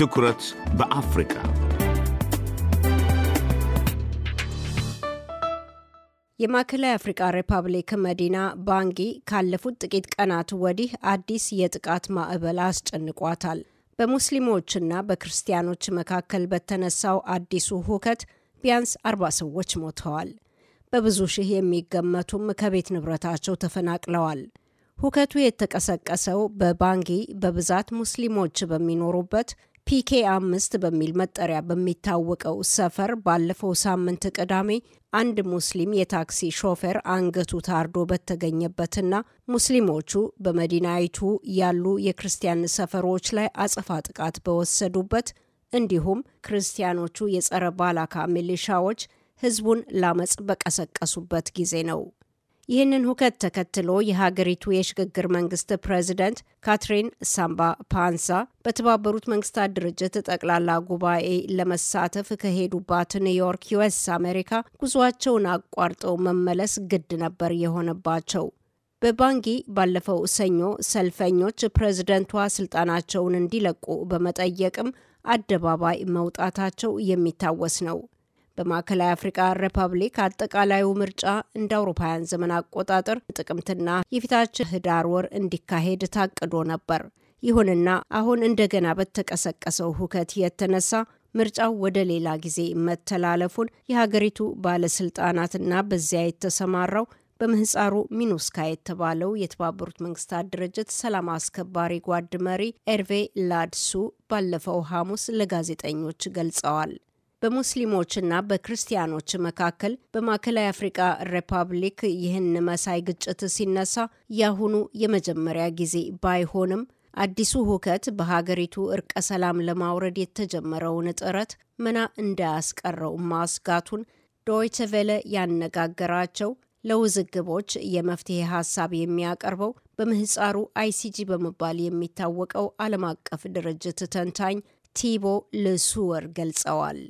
ትኩረት በአፍሪካ የማዕከላዊ አፍሪካ ሪፐብሊክ መዲና ባንጊ ካለፉት ጥቂት ቀናት ወዲህ አዲስ የጥቃት ማዕበል አስጨንቋታል። በሙስሊሞችና በክርስቲያኖች መካከል በተነሳው አዲሱ ሁከት ቢያንስ አርባ ሰዎች ሞተዋል። በብዙ ሺህ የሚገመቱም ከቤት ንብረታቸው ተፈናቅለዋል። ሁከቱ የተቀሰቀሰው በባንጊ በብዛት ሙስሊሞች በሚኖሩበት ፒኬ አምስት በሚል መጠሪያ በሚታወቀው ሰፈር ባለፈው ሳምንት ቅዳሜ አንድ ሙስሊም የታክሲ ሾፌር አንገቱ ታርዶ በተገኘበትና ሙስሊሞቹ በመዲናይቱ ያሉ የክርስቲያን ሰፈሮች ላይ አጸፋ ጥቃት በወሰዱበት እንዲሁም ክርስቲያኖቹ የጸረ ባላካ ሚሊሻዎች ህዝቡን ላመጽ በቀሰቀሱበት ጊዜ ነው። ይህንን ሁከት ተከትሎ የሀገሪቱ የሽግግር መንግስት ፕሬዚደንት ካትሪን ሳምባ ፓንሳ በተባበሩት መንግስታት ድርጅት ጠቅላላ ጉባኤ ለመሳተፍ ከሄዱባት ኒውዮርክ ዩኤስ አሜሪካ ጉዟቸውን አቋርጠው መመለስ ግድ ነበር የሆነባቸው። በባንጊ ባለፈው ሰኞ ሰልፈኞች ፕሬዝደንቷ ስልጣናቸውን እንዲለቁ በመጠየቅም አደባባይ መውጣታቸው የሚታወስ ነው። በማዕከላዊ አፍሪካ ሪፐብሊክ አጠቃላዩ ምርጫ እንደ አውሮፓውያን ዘመን አቆጣጠር ጥቅምትና የፊታችን ህዳር ወር እንዲካሄድ ታቅዶ ነበር። ይሁንና አሁን እንደገና በተቀሰቀሰው ሁከት የተነሳ ምርጫው ወደ ሌላ ጊዜ መተላለፉን የሀገሪቱ ባለስልጣናትና በዚያ የተሰማራው በምህፃሩ ሚኑስካ የተባለው የተባበሩት መንግስታት ድርጅት ሰላም አስከባሪ ጓድ መሪ ኤርቬ ላድሱ ባለፈው ሐሙስ ለጋዜጠኞች ገልጸዋል። በሙስሊሞችና በክርስቲያኖች መካከል በማዕከላዊ አፍሪቃ ሪፐብሊክ ይህን መሳይ ግጭት ሲነሳ ያሁኑ የመጀመሪያ ጊዜ ባይሆንም አዲሱ ሁከት በሀገሪቱ እርቀ ሰላም ለማውረድ የተጀመረውን ጥረት መና እንዳያስቀረው ማስጋቱን ዶይቸ ቬለ ያነጋገራቸው ለውዝግቦች የመፍትሄ ሀሳብ የሚያቀርበው በምህፃሩ አይሲጂ በመባል የሚታወቀው ዓለም አቀፍ ድርጅት ተንታኝ ቲቦ ልሱወር ገልጸዋል።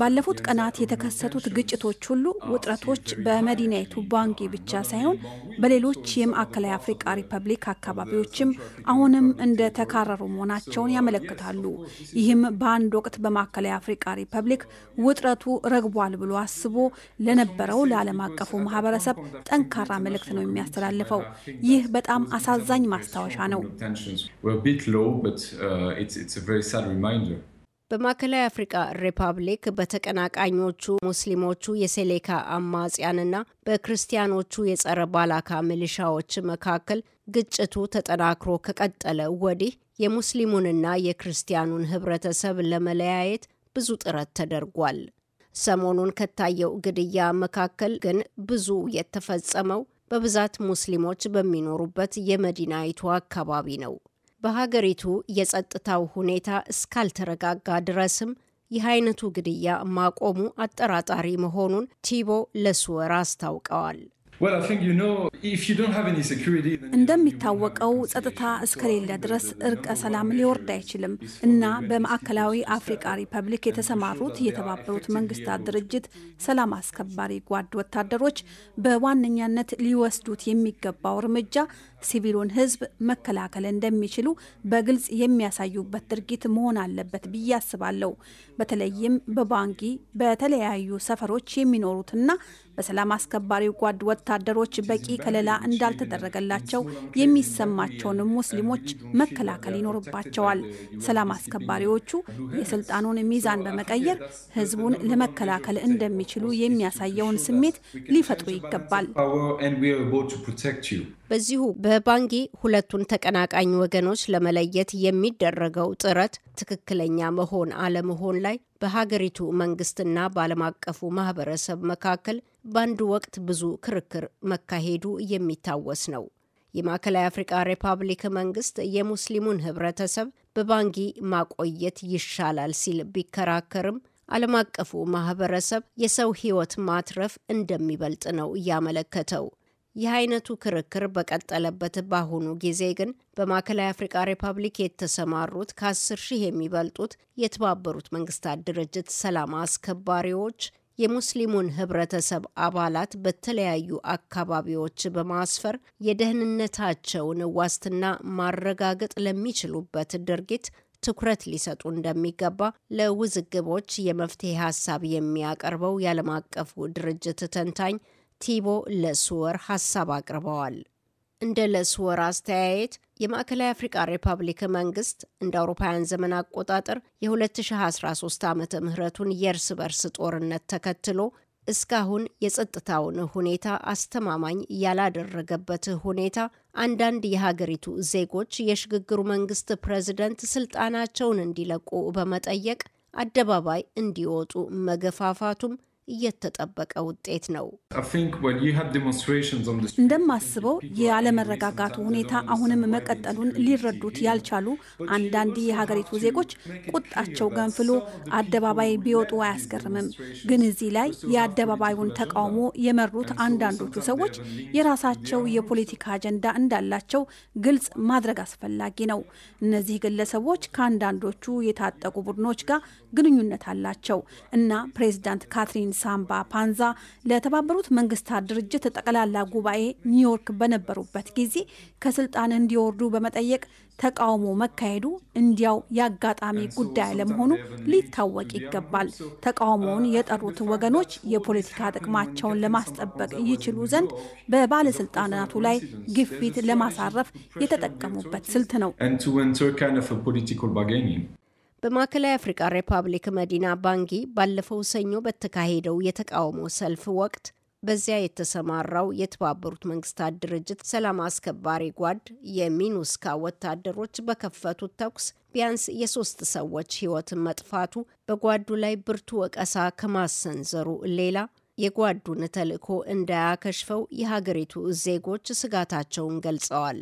ባለፉት ቀናት የተከሰቱት ግጭቶች ሁሉ ውጥረቶች በመዲናይቱ ባንጊ ብቻ ሳይሆን በሌሎች የማዕከላዊ አፍሪቃ ሪፐብሊክ አካባቢዎችም አሁንም እንደተካረሩ መሆናቸውን ያመለክታሉ። ይህም በአንድ ወቅት በማዕከላዊ አፍሪቃ ሪፐብሊክ ውጥረቱ ረግቧል ብሎ አስቦ ለነበረው ለዓለም አቀፉ ማህበረሰብ ጠንካራ መልእክት ነው የሚያስተላልፈው። ይህ በጣም አሳዛኝ ማስታወሻ ነው። በማዕከላዊ አፍሪካ ሪፐብሊክ በተቀናቃኞቹ ሙስሊሞቹ የሴሌካ አማጽያንና በክርስቲያኖቹ የጸረ ባላካ ሚሊሻዎች መካከል ግጭቱ ተጠናክሮ ከቀጠለ ወዲህ የሙስሊሙንና የክርስቲያኑን ህብረተሰብ ለመለያየት ብዙ ጥረት ተደርጓል። ሰሞኑን ከታየው ግድያ መካከል ግን ብዙ የተፈጸመው በብዛት ሙስሊሞች በሚኖሩበት የመዲናይቱ አካባቢ ነው። በሀገሪቱ የጸጥታው ሁኔታ እስካልተረጋጋ ድረስም ይህ አይነቱ ግድያ ማቆሙ አጠራጣሪ መሆኑን ቲቦ ለሱወር አስታውቀዋል። እንደሚታወቀው ጸጥታ እስከሌለ ድረስ እርቀ ሰላም ሊወርድ አይችልም እና በማዕከላዊ አፍሪካ ሪፐብሊክ የተሰማሩት የተባበሩት መንግስታት ድርጅት ሰላም አስከባሪ ጓድ ወታደሮች በዋነኛነት ሊወስዱት የሚገባው እርምጃ ሲቪሉን ህዝብ መከላከል እንደሚችሉ በግልጽ የሚያሳዩበት ድርጊት መሆን አለበት ብዬ አስባለሁ። በተለይም በባንጊ በተለያዩ ሰፈሮች የሚኖሩትና በሰላም አስከባሪ ጓድ ወታደሮች በቂ ከለላ እንዳልተደረገላቸው የሚሰማቸውን ሙስሊሞች መከላከል ይኖርባቸዋል። ሰላም አስከባሪዎቹ የስልጣኑን ሚዛን በመቀየር ህዝቡን ለመከላከል እንደሚችሉ የሚያሳየውን ስሜት ሊፈጥሩ ይገባል። በዚሁ በባንጊ ሁለቱን ተቀናቃኝ ወገኖች ለመለየት የሚደረገው ጥረት ትክክለኛ መሆን አለመሆን ላይ በሀገሪቱ መንግስትና በዓለም አቀፉ ማህበረሰብ መካከል በአንድ ወቅት ብዙ ክርክር መካሄዱ የሚታወስ ነው። የማዕከላዊ አፍሪካ ሪፐብሊክ መንግስት የሙስሊሙን ህብረተሰብ በባንጊ ማቆየት ይሻላል ሲል ቢከራከርም ዓለም አቀፉ ማህበረሰብ የሰው ህይወት ማትረፍ እንደሚበልጥ ነው እያመለከተው። ይህ አይነቱ ክርክር በቀጠለበት በአሁኑ ጊዜ ግን በማዕከላዊ አፍሪካ ሪፐብሊክ የተሰማሩት ከ ከአስር ሺህ የሚበልጡት የተባበሩት መንግስታት ድርጅት ሰላም አስከባሪዎች የሙስሊሙን ህብረተሰብ አባላት በተለያዩ አካባቢዎች በማስፈር የደህንነታቸውን ዋስትና ማረጋገጥ ለሚችሉበት ድርጊት ትኩረት ሊሰጡ እንደሚገባ ለውዝግቦች የመፍትሄ ሀሳብ የሚያቀርበው የዓለም አቀፉ ድርጅት ተንታኝ ቲቦ ለስወር ሀሳብ አቅርበዋል። እንደ ለስወር አስተያየት የማዕከላዊ አፍሪካ ሪፐብሊክ መንግስት እንደ አውሮፓውያን ዘመን አቆጣጠር የ2013 ዓመተ ምህረቱን የእርስ በርስ ጦርነት ተከትሎ እስካሁን የጸጥታውን ሁኔታ አስተማማኝ ያላደረገበት ሁኔታ አንዳንድ የሀገሪቱ ዜጎች የሽግግሩ መንግስት ፕሬዝደንት ስልጣናቸውን እንዲለቁ በመጠየቅ አደባባይ እንዲወጡ መገፋፋቱም እየተጠበቀ ውጤት ነው። እንደማስበው የአለመረጋጋቱ ሁኔታ አሁንም መቀጠሉን ሊረዱት ያልቻሉ አንዳንድ የሀገሪቱ ዜጎች ቁጣቸው ገንፍሎ አደባባይ ቢወጡ አያስገርምም። ግን እዚህ ላይ የአደባባዩን ተቃውሞ የመሩት አንዳንዶቹ ሰዎች የራሳቸው የፖለቲካ አጀንዳ እንዳላቸው ግልጽ ማድረግ አስፈላጊ ነው። እነዚህ ግለሰቦች ከአንዳንዶቹ የታጠቁ ቡድኖች ጋር ግንኙነት አላቸው እና ፕሬዚዳንት ካትሪን ሳምባ ፓንዛ ለተባበሩት መንግስታት ድርጅት ጠቅላላ ጉባኤ ኒውዮርክ በነበሩበት ጊዜ ከስልጣን እንዲወርዱ በመጠየቅ ተቃውሞ መካሄዱ እንዲያው የአጋጣሚ ጉዳይ ለመሆኑ ሊታወቅ ይገባል። ተቃውሞውን የጠሩት ወገኖች የፖለቲካ ጥቅማቸውን ለማስጠበቅ ይችሉ ዘንድ በባለስልጣናቱ ላይ ግፊት ለማሳረፍ የተጠቀሙበት ስልት ነው። በማዕከላዊ አፍሪካ ሪፐብሊክ መዲና ባንጊ ባለፈው ሰኞ በተካሄደው የተቃውሞ ሰልፍ ወቅት በዚያ የተሰማራው የተባበሩት መንግስታት ድርጅት ሰላም አስከባሪ ጓድ የሚኑስካ ወታደሮች በከፈቱት ተኩስ ቢያንስ የሶስት ሰዎች ህይወትን መጥፋቱ በጓዱ ላይ ብርቱ ወቀሳ ከማሰንዘሩ ሌላ የጓዱን ተልዕኮ እንዳያከሽፈው የሀገሪቱ ዜጎች ስጋታቸውን ገልጸዋል።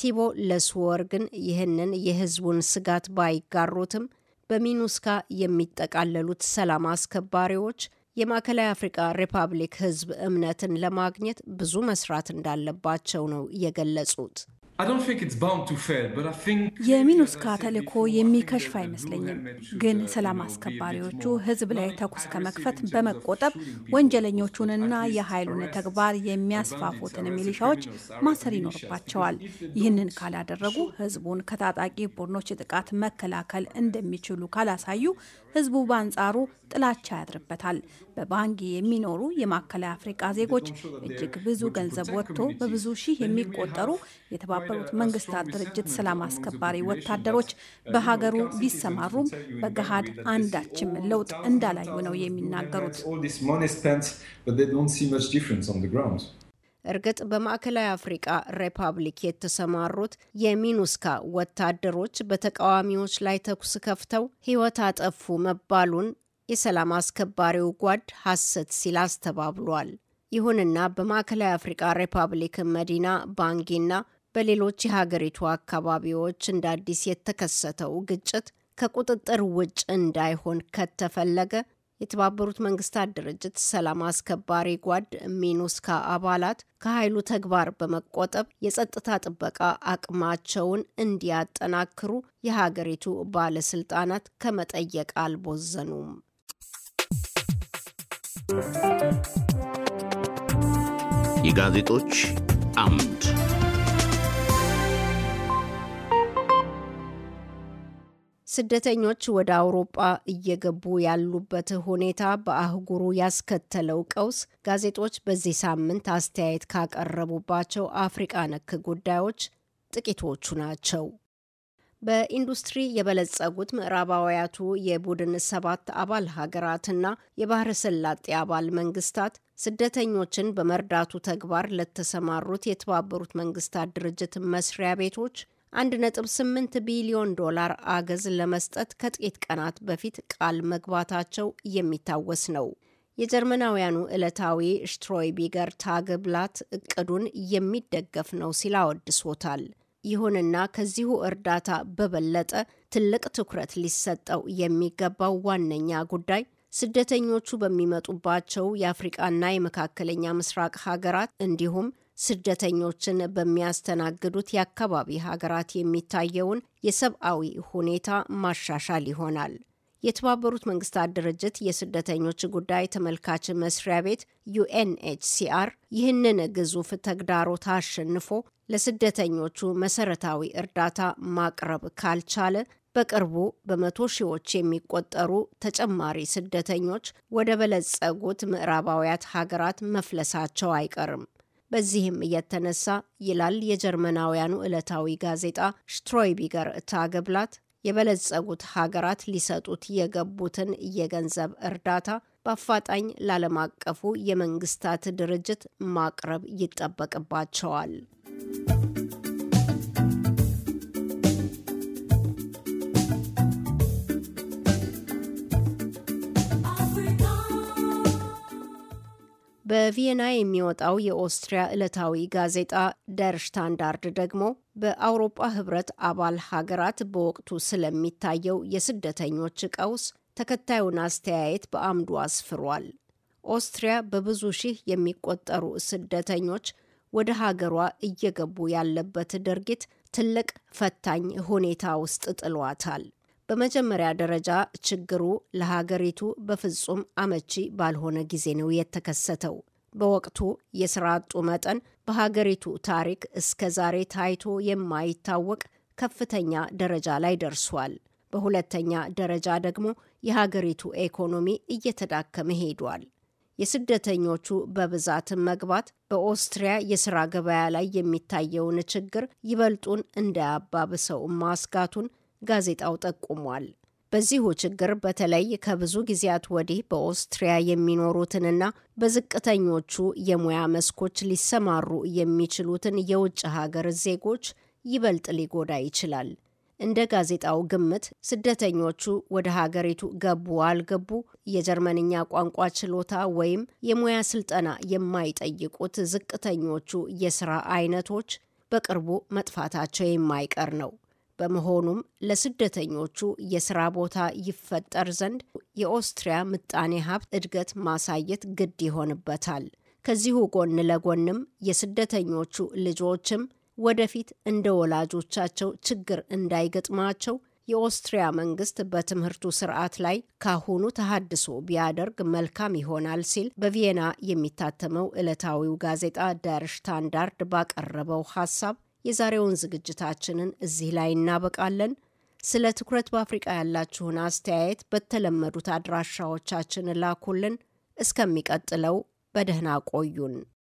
ቲቦ ለስወርግን ግን ይህንን የህዝቡን ስጋት ባይጋሩትም በሚኑስካ የሚጠቃለሉት ሰላም አስከባሪዎች የማዕከላዊ አፍሪካ ሪፓብሊክ ህዝብ እምነትን ለማግኘት ብዙ መስራት እንዳለባቸው ነው የገለጹት። የሚኑስካ ተልኮ የሚከሽፍ አይመስለኝም። ግን ሰላም አስከባሪዎቹ ሕዝብ ላይ ተኩስ ከመክፈት በመቆጠብ ወንጀለኞቹንና የኃይሉን ተግባር የሚያስፋፉትን ሚሊሻዎች ማሰር ይኖርባቸዋል። ይህንን ካላደረጉ ሕዝቡን ከታጣቂ ቡድኖች ጥቃት መከላከል እንደሚችሉ ካላሳዩ ሕዝቡ በአንጻሩ ጥላቻ ያድርበታል። በባንጊ የሚኖሩ የማዕከላዊ አፍሪቃ ዜጎች እጅግ ብዙ ገንዘብ ወጥቶ በብዙ ሺህ የሚቆጠሩ የተባ የተባበሩት መንግስታት ድርጅት ሰላም አስከባሪ ወታደሮች በሀገሩ ቢሰማሩም በገሃድ አንዳችም ለውጥ እንዳላዩ ነው የሚናገሩት። እርግጥ በማዕከላዊ አፍሪቃ ሪፐብሊክ የተሰማሩት የሚኑስካ ወታደሮች በተቃዋሚዎች ላይ ተኩስ ከፍተው ሕይወት አጠፉ መባሉን የሰላም አስከባሪው ጓድ ሐሰት ሲል አስተባብሏል። ይሁንና በማዕከላዊ አፍሪቃ ሪፐብሊክ መዲና ባንጊና በሌሎች የሀገሪቱ አካባቢዎች እንደ አዲስ የተከሰተው ግጭት ከቁጥጥር ውጭ እንዳይሆን ከተፈለገ የተባበሩት መንግስታት ድርጅት ሰላም አስከባሪ ጓድ ሚኑስካ አባላት ከኃይሉ ተግባር በመቆጠብ የጸጥታ ጥበቃ አቅማቸውን እንዲያጠናክሩ የሀገሪቱ ባለስልጣናት ከመጠየቅ አልቦዘኑም። የጋዜጦች አምድ ስደተኞች ወደ አውሮጳ እየገቡ ያሉበት ሁኔታ በአህጉሩ ያስከተለው ቀውስ ጋዜጦች በዚህ ሳምንት አስተያየት ካቀረቡባቸው አፍሪቃ ነክ ጉዳዮች ጥቂቶቹ ናቸው። በኢንዱስትሪ የበለጸጉት ምዕራባውያቱ የቡድን ሰባት አባል ሀገራትና የባህረ ሰላጤ አባል መንግስታት ስደተኞችን በመርዳቱ ተግባር ለተሰማሩት የተባበሩት መንግስታት ድርጅት መስሪያ ቤቶች 1.8 ቢሊዮን ዶላር አገዝ ለመስጠት ከጥቂት ቀናት በፊት ቃል መግባታቸው የሚታወስ ነው። የጀርመናውያኑ ዕለታዊ ሽትሮይቢገር ታግብላት እቅዱን የሚደገፍ ነው ሲል አወድሶታል። ይሁንና ከዚሁ እርዳታ በበለጠ ትልቅ ትኩረት ሊሰጠው የሚገባው ዋነኛ ጉዳይ ስደተኞቹ በሚመጡባቸው የአፍሪቃና የመካከለኛ ምስራቅ ሀገራት እንዲሁም ስደተኞችን በሚያስተናግዱት የአካባቢ ሀገራት የሚታየውን የሰብአዊ ሁኔታ ማሻሻል ይሆናል። የተባበሩት መንግስታት ድርጅት የስደተኞች ጉዳይ ተመልካች መስሪያ ቤት ዩኤንኤችሲአር ይህንን ግዙፍ ተግዳሮት አሸንፎ ለስደተኞቹ መሰረታዊ እርዳታ ማቅረብ ካልቻለ በቅርቡ በመቶ ሺዎች የሚቆጠሩ ተጨማሪ ስደተኞች ወደ በለጸጉት ምዕራባውያት ሀገራት መፍለሳቸው አይቀርም። በዚህም እየተነሳ ይላል የጀርመናውያኑ ዕለታዊ ጋዜጣ ሽትሮይቢገር ታገብላት የበለጸጉት ሀገራት ሊሰጡት የገቡትን የገንዘብ እርዳታ በአፋጣኝ ለዓለም አቀፉ የመንግስታት ድርጅት ማቅረብ ይጠበቅባቸዋል። በቪየና የሚወጣው የኦስትሪያ ዕለታዊ ጋዜጣ ደር ሽታንዳርድ ደግሞ በአውሮፓ ህብረት አባል ሀገራት በወቅቱ ስለሚታየው የስደተኞች ቀውስ ተከታዩን አስተያየት በአምዱ አስፍሯል። ኦስትሪያ በብዙ ሺህ የሚቆጠሩ ስደተኞች ወደ ሀገሯ እየገቡ ያለበት ድርጊት ትልቅ ፈታኝ ሁኔታ ውስጥ ጥሏታል። በመጀመሪያ ደረጃ ችግሩ ለሀገሪቱ በፍጹም አመቺ ባልሆነ ጊዜ ነው የተከሰተው። በወቅቱ የስራ አጡ መጠን በሀገሪቱ ታሪክ እስከ ዛሬ ታይቶ የማይታወቅ ከፍተኛ ደረጃ ላይ ደርሷል። በሁለተኛ ደረጃ ደግሞ የሀገሪቱ ኢኮኖሚ እየተዳከመ ሄዷል። የስደተኞቹ በብዛት መግባት በኦስትሪያ የስራ ገበያ ላይ የሚታየውን ችግር ይበልጡን እንዳያባብሰው ማስጋቱን ጋዜጣው ጠቁሟል። በዚሁ ችግር በተለይ ከብዙ ጊዜያት ወዲህ በኦስትሪያ የሚኖሩትንና በዝቅተኞቹ የሙያ መስኮች ሊሰማሩ የሚችሉትን የውጭ ሀገር ዜጎች ይበልጥ ሊጎዳ ይችላል። እንደ ጋዜጣው ግምት ስደተኞቹ ወደ ሀገሪቱ ገቡ አልገቡ የጀርመንኛ ቋንቋ ችሎታ ወይም የሙያ ስልጠና የማይጠይቁት ዝቅተኞቹ የስራ አይነቶች በቅርቡ መጥፋታቸው የማይቀር ነው። በመሆኑም ለስደተኞቹ የስራ ቦታ ይፈጠር ዘንድ የኦስትሪያ ምጣኔ ሀብት እድገት ማሳየት ግድ ይሆንበታል። ከዚሁ ጎን ለጎንም የስደተኞቹ ልጆችም ወደፊት እንደ ወላጆቻቸው ችግር እንዳይገጥማቸው የኦስትሪያ መንግስት በትምህርቱ ስርዓት ላይ ካሁኑ ተሃድሶ ቢያደርግ መልካም ይሆናል ሲል በቪየና የሚታተመው ዕለታዊው ጋዜጣ ደር ሽታንዳርድ ባቀረበው ሀሳብ የዛሬውን ዝግጅታችንን እዚህ ላይ እናበቃለን። ስለ ትኩረት በአፍሪቃ ያላችሁን አስተያየት በተለመዱት አድራሻዎቻችን ላኩልን። እስከሚቀጥለው በደህና ቆዩን።